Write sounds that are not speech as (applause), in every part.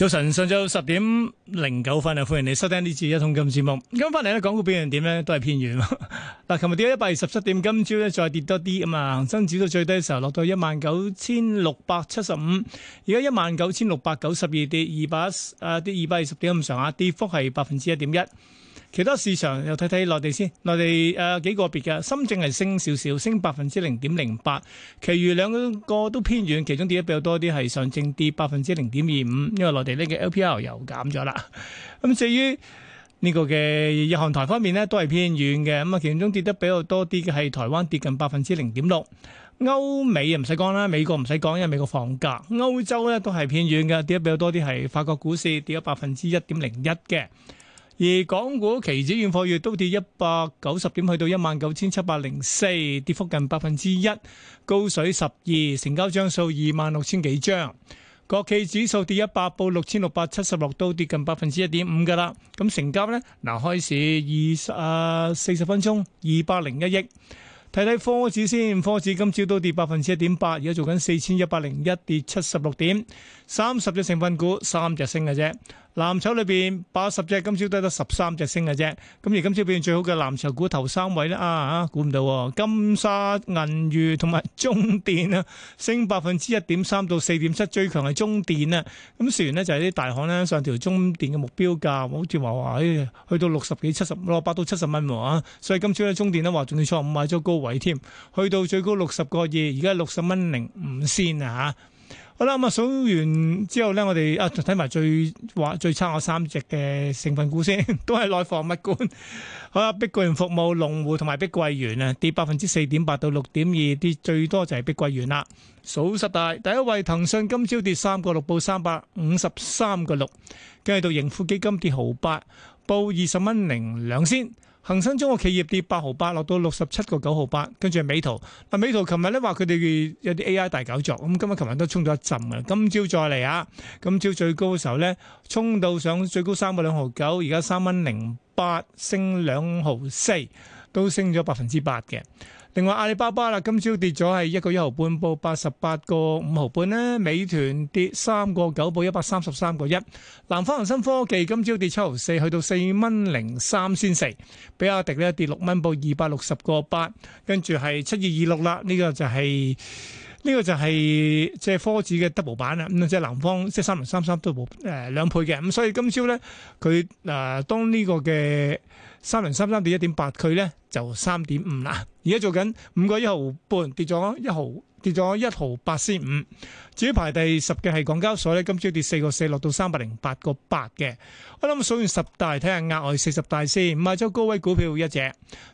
早晨，上晝十點零九分啊！歡迎你收聽呢次一通金節目。今日翻嚟咧，港股表現點咧？都係偏軟咯。嗱，琴日跌咗一百二十七點，今朝咧再跌多啲咁啊，恒生指數到最低嘅時候落到一萬九千六百七十五，而家一萬九千六百九十二跌二百啊，跌二百二十點咁上下，跌幅係百分之一點一。其他市場又睇睇內地先，內地誒、呃、幾個別嘅，深圳係升少少，升百分之零點零八，其餘兩個都偏遠，其中跌得比較多啲係上證跌百分之零點二五，因為內地呢個 LPR 又減咗啦。咁、嗯、至於呢個嘅日韓台方面呢，都係偏遠嘅，咁啊其中跌得比較多啲嘅係台灣跌近百分之零點六，歐美啊唔使講啦，美國唔使講，因為美國放假，歐洲呢都係偏遠嘅，跌得比較多啲係法國股市跌咗百分之一點零一嘅。而港股期指、現貨月都跌一百九十點，去到一萬九千七百零四，跌幅近百分之一，高水十二，成交張數二萬六千幾張。國企指數跌一百，報六千六百七十六，都跌近百分之一點五㗎喇。咁成交呢？嗱，開始二十啊四十分鐘二百零一億。睇睇科指先，科指今朝都跌百分之一點八，而家做緊四千一百零一，跌七十六點，三十隻成分股，三隻升嘅啫。藍籌裏邊，八十隻今只今朝得得十三隻升嘅啫，咁而今朝變最好嘅藍籌股頭三位咧啊吓，估唔到、啊，金沙、銀娛同埋中電啊，升百分之一點三到四點七，最強係中電啊。咁、嗯、船呢就係、是、啲大行咧上調中電嘅目標價，好似話話喺去到六十幾、七十咯，八、哦、到七十蚊啊。所以今朝咧中電咧話仲要創五買咗高位添，去到最高六十個二，而家六十蚊零五先啊吓。好啦，咁啊數完之後咧，我哋啊睇埋最話最差我三隻嘅成分股先，都係內房物管。好啦，碧桂園服務、龍湖同埋碧桂園啊，跌百分之四點八到六點二，跌最多就係碧桂園啦。數十大第一位，騰訊今朝跌三個六，報三百五十三個六。跟住到盈富基金跌毫八，報二十蚊零兩仙。恒生中國企業跌八毫八，落到六十七個九毫八，跟住係美圖。嗱，美圖琴日咧話佢哋有啲 A.I. 大搞作，咁今日琴日都衝咗一陣啊，今朝再嚟啊！今朝最高嘅時候咧，衝到上最高三個兩毫九，而家三蚊零八，升兩毫四，都升咗百分之八嘅。另外阿里巴巴啦，今朝跌咗係一個一毫半，報八十八個五毫半咧。美團跌三個九，報一百三十三個一。南方恒生科技今朝跌七毫四，去到四蚊零三先四。比亞迪咧跌六蚊，報二百六十個八。跟住係七二二六啦。呢個就係，呢個就係即係科指嘅 double 板啦。咁即係南方即係三零三三 double，誒兩倍嘅。咁所以今朝咧佢嗱當呢個嘅。三零三三點一點八，佢咧就三點五啦。而家做緊五個一毫半，跌咗一毫，跌咗一毫八先五。至於排第十嘅係港交所咧，今朝跌四個四，落到三百零八個八嘅。我諗數完十大，睇下額外四十大先。唔係就高威股票一隻，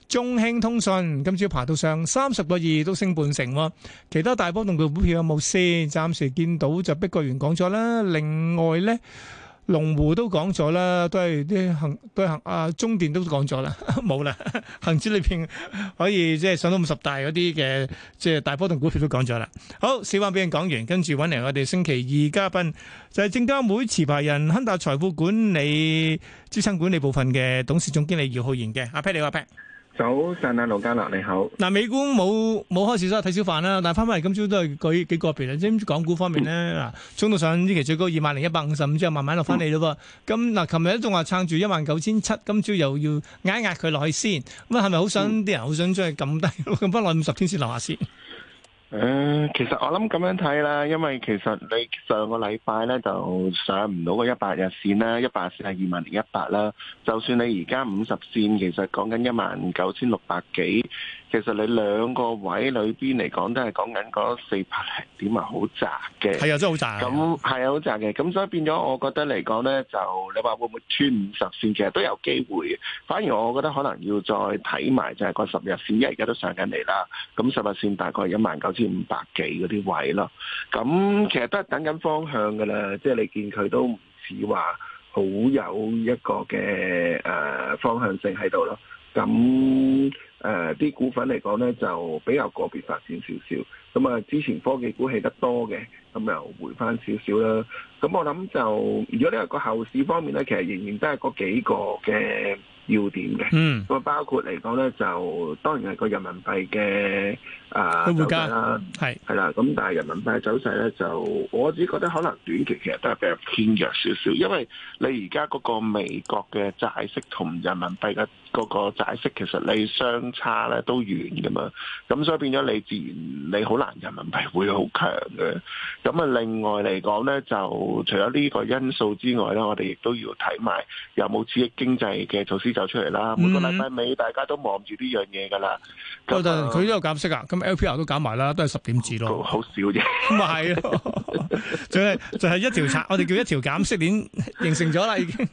中興通訊今朝爬到上三十個二，都升半成。其他大波動嘅股票有冇先？暫時見到就碧桂園講咗啦。另外咧。龍湖都講咗啦，都係啲恆都係恆啊，中電都講咗啦，冇 (laughs) 啦，恒指裏邊可以即係上到五十大嗰啲嘅，即係大波動股票都講咗啦。好，小話俾人講完，跟住揾嚟我哋星期二嘉賓，就係證監會持牌人，亨達財富管理資產管理部分嘅董事總經理姚浩然嘅，阿 Pat，你好，阿 Pat。早晨啊，盧家樂你好。嗱，美股冇冇開市啦，睇小份啦。但係翻翻嚟今朝都係舉幾個別啦。即係港股方面咧，嗯、沖到上呢期最高二萬零一百五十五之後，慢慢落翻嚟咯噃。咁嗱、嗯，琴日都仲話撐住一萬九千七，19, 700, 今朝又要壓壓佢落去先。咁係咪好想啲、嗯、人好想將佢撳低，咁返落五十天線，樓下先。誒、呃，其實我諗咁樣睇啦，因為其實你上個禮拜咧就上唔到個一百日線啦，一百日線係二萬零一百啦。就算你而家五十線，其實講緊一萬九千六百幾，其實你兩個位裏邊嚟講，都係講緊嗰四百零點係好窄嘅。係啊，真係好窄。咁係啊，好窄嘅。咁所以變咗，我覺得嚟講咧，就你話會唔會穿五十線，其實都有機會。反而我覺得可能要再睇埋就係個十日線，一而家都上緊嚟啦。咁十日線大概一萬九。千五百幾嗰啲位咯，咁其實都係等緊方向噶啦，即係你見佢都唔似話好有一個嘅，誒方向性喺度咯。咁誒啲股份嚟講咧，就比較個別發展少少。咁啊，之前科技股起得多嘅，咁又回翻少少啦。咁我諗就，如果呢個個後市方面咧，其實仍然都係嗰幾個嘅要點嘅，咁啊、嗯、包括嚟講咧，就當然係個人民幣嘅啊走勢啦，係係啦，咁但係人民幣嘅走勢咧，就我只覺得可能短期其實都係比較偏弱少少，因為你而家個美國嘅債息同人民幣嘅。個個債息其實你相差咧都遠嘅嘛，咁所以變咗你自然你好難人民幣會好強嘅。咁啊，另外嚟講咧，就除咗呢個因素之外咧，我哋亦都要睇埋有冇刺激經濟嘅措施走出嚟啦。每個禮拜尾大家都望住呢樣嘢㗎啦。周俊佢都有減息啊，咁 LPR 都減埋啦，都係十點子咯，好少啫。咁 (laughs) 啊就係就係一條拆， (laughs) 我哋叫一條減息鏈形成咗啦，已經。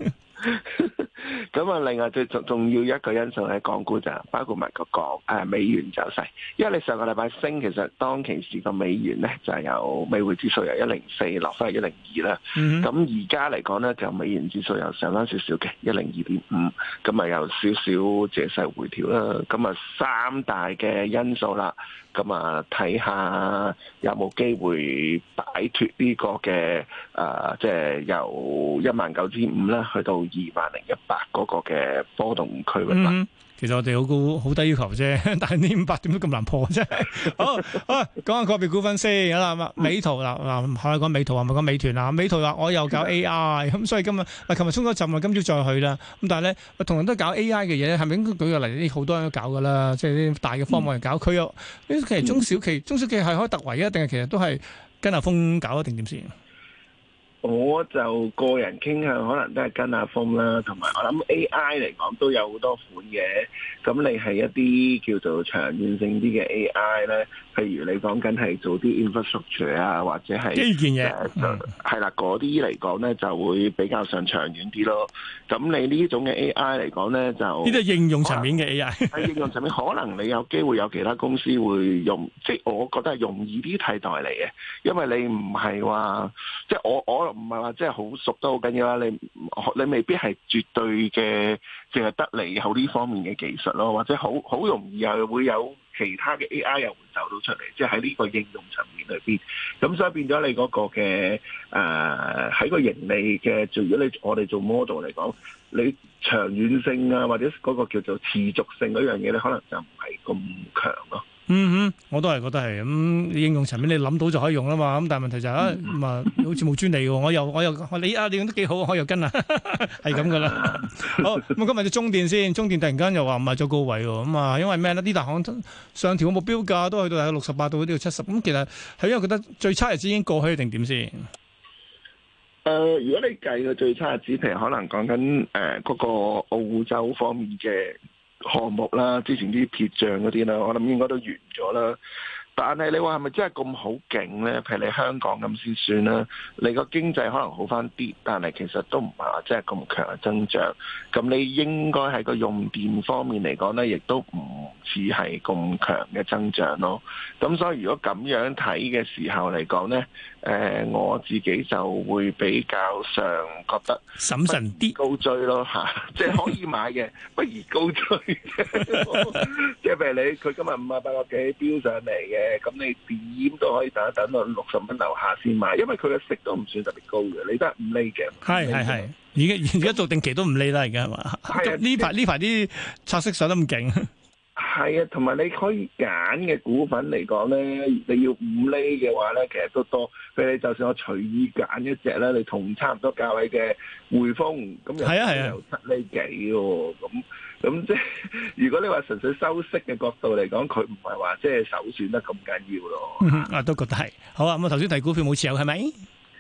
咁啊， (laughs) 另外最重重要一個因素喺港股就是，包括埋個港誒、啊、美元走勢，因為你上個禮拜升，其實當其時個美元咧就係由美匯指數由一零四落翻去一零二啦。咁而家嚟講咧就美元指數又上翻少少嘅，一零二點五，咁啊有少少借勢回調啦。咁啊三大嘅因素啦，咁啊睇下有冇機會擺脫呢個嘅誒、即、呃、係、就是、由一萬九千五啦去到。二萬零一百嗰個嘅波動區域，其實我哋好高好低要求啫，但係呢五百點都咁難破啫。係。好， (laughs) 好講下個別股份先啦，美圖嗱嗱，我哋講美圖係咪講美團啊？美圖話我又搞 AI，咁、嗯、所以今日咪琴日衝咗陣，今朝再去啦。咁但係咧，同樣都搞 AI 嘅嘢咧，係咪應該舉個例？啲好多人都搞㗎啦？即係啲大嘅科網嚟搞佢又、嗯，其實中小企、嗯、中小企係可以突圍啊？定係其實都係跟阿峰搞一定點先？我就個人傾向可能都係跟阿峰啦，同埋我諗 AI 嚟講都有好多款嘅，咁你係一啲叫做長遠性啲嘅 AI 呢？譬如你講緊係做啲 infrastructure 啊，或者係、uh，呢件嘢，係啦，嗰啲嚟講咧就會比較上長遠啲咯。咁你呢種嘅 AI 嚟講咧，就呢啲係應用層面嘅 AI。喺 (laughs) 應用層面，可能你有機會有其他公司會用，即係我覺得係容易啲替代嚟嘅。因為你唔係話，即係我我唔係話即係好熟都好緊要啦。你你未必係絕對嘅，淨係得你好呢方面嘅技術咯，或者好好容易又會有。其他嘅 AI 又會走到出嚟，即係喺呢個應用層面裏邊，咁所以變咗你嗰個嘅誒喺個盈利嘅，如果你我哋做 model 嚟講，你長遠性啊或者嗰個叫做持續性嗰樣嘢咧，你可能就唔係咁強咯。嗯哼，我都係覺得係咁，嗯，應用層面你諗到就可以用啦嘛。咁但係問題就係嗯，哼啊，啊，好似冇專利嘅，哦，我又我又我你啊，你用得幾好，我又跟啊，係咁噶啦。 (laughs) 好，咁，嗯，今日就中電先，中電突然間又話賣咗高位喎，哦。咁，嗯，啊，因為咩呢，呢大行上調嘅目標價都去到係六十八到，呢度七十。咁其實係因為覺得最差日子已經過去，定點先？誒，如果你計嘅最差日子，譬如可能講緊誒嗰個澳洲方面嘅。項目啦，之前啲撇帳嗰啲啦，我諗應該都完咗啦。但係你話係咪真係咁好勁呢？譬如你香港咁先算啦，你個經濟可能好翻啲，但係其實都唔係話真係咁強嘅增長。咁你應該喺個用電方面嚟講呢，亦都唔似係咁強嘅增長咯。咁所以如果咁樣睇嘅時候嚟講呢，誒、呃、我自己就會比較上覺得審慎啲高追咯嚇，即 (laughs) 係可以買嘅，不如高追。即 (laughs) 係譬如你佢今日五啊八個幾飆上嚟嘅。誒咁你點都可以等一等到六十蚊樓下先買，因為佢嘅息都唔算特別高嘅，你得五厘嘅。係係係，而而家做定期都五厘啦，而家係嘛？呢排呢排啲拆息上得咁勁。係啊，同埋你可以揀嘅股份嚟講咧，你要五厘嘅話咧，其實都多。譬如你就算我隨意揀一隻咧，你同差唔多價位嘅匯豐咁，係啊係啊，又七厘幾喎咁。咁即係如果你話純粹收息嘅角度嚟講，佢唔係話即係首選得咁緊要咯。啊、嗯，我都覺得係。好啊，咁我頭先提股票冇持有係咪？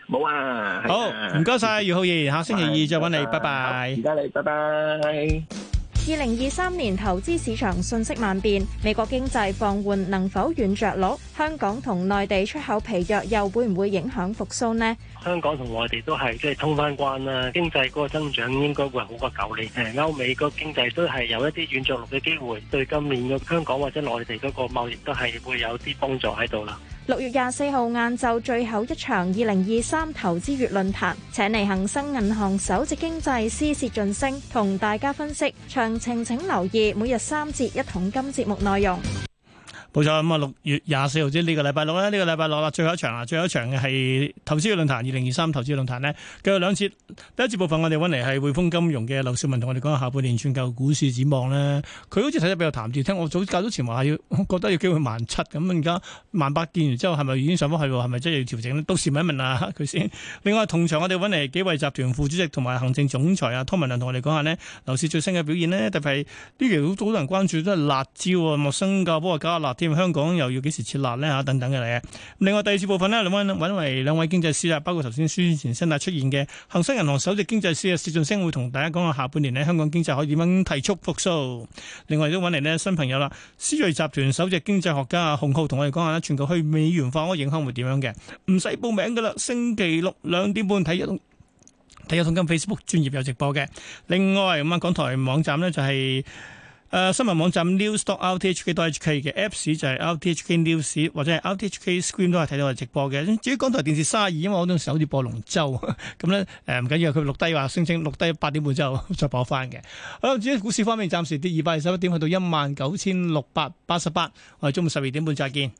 冇啊。啊好，唔該晒，姚浩然，下星期二再揾你，拜拜。而家嚟，拜拜。二零二三年投資市場瞬息萬變，美國經濟放緩能否軟着陸？香港同內地出口疲弱又會唔會影響復蘇呢？香港同內地都係即係通翻關啦，經濟嗰個增長應該會好過舊年。誒，歐美嗰個經濟都係有一啲軟着陸嘅機會，對今年嘅香港或者內地嗰個貿易都係會有啲幫助喺度啦。六月廿四號晏晝最後一場二零二三投資月論壇，請嚟恒生銀行首席經濟師薛俊升同大家分析詳情，請留意每日三節一桶金節目內容。冇錯，咁啊、嗯這個、六月廿四號即係，呢、呢個禮拜六咧，呢個禮拜六啦，最後一場啊，最後一場嘅係投資嘅論壇，二零二三投資嘅論壇呢，繼續兩節，第一節部分我哋揾嚟係匯豐金融嘅劉少文同我哋講下半年全球股市展望呢，佢好似睇得比較淡啲，聽我早教咗前話要，覺得要機會萬七咁，而家萬八見完之後係咪已經上翻去喎？係咪真係要調整咧？到時問一問啊佢先。另外同場我哋揾嚟幾位集團副主席同埋行政總裁啊湯文亮同我哋講下呢，樓市最新嘅表現呢，特別係呢期好多人關注都係辣招啊，莫生教波啊搞下辣。香港又要幾時設立呢？嚇，等等嘅嚟嘅。另外第二部分呢，嚟揾嚟兩位經濟師啦，包括頭先舒先新曬出現嘅恒生銀行首席經濟師啊，薛俊升會同大家講下下半年呢，香港經濟可以點樣提速復甦。另外都揾嚟呢新朋友啦，思瑞集團首席經濟學家啊洪浩同我哋講下咧，全球去美元化嗰個影響會點樣嘅？唔使報名噶啦，星期六兩點半睇一睇一通，跟 Facebook 專業有直播嘅。另外咁啊，港台網站呢就係、是。誒、呃、新聞網站 news.rthk.hk 嘅 Apps 就係 RTHK News 或者 RTHK Screen 都係睇到我哋直播嘅。至於港台電視三十二，因為我陣時好似播龍舟咁咧，誒唔緊要，佢、呃、錄低話聲稱錄低八點半之後再播翻嘅。好，至於股市方面，暫時跌二百二十一點去到一萬九千六百八十八。我哋中午十二點半再見。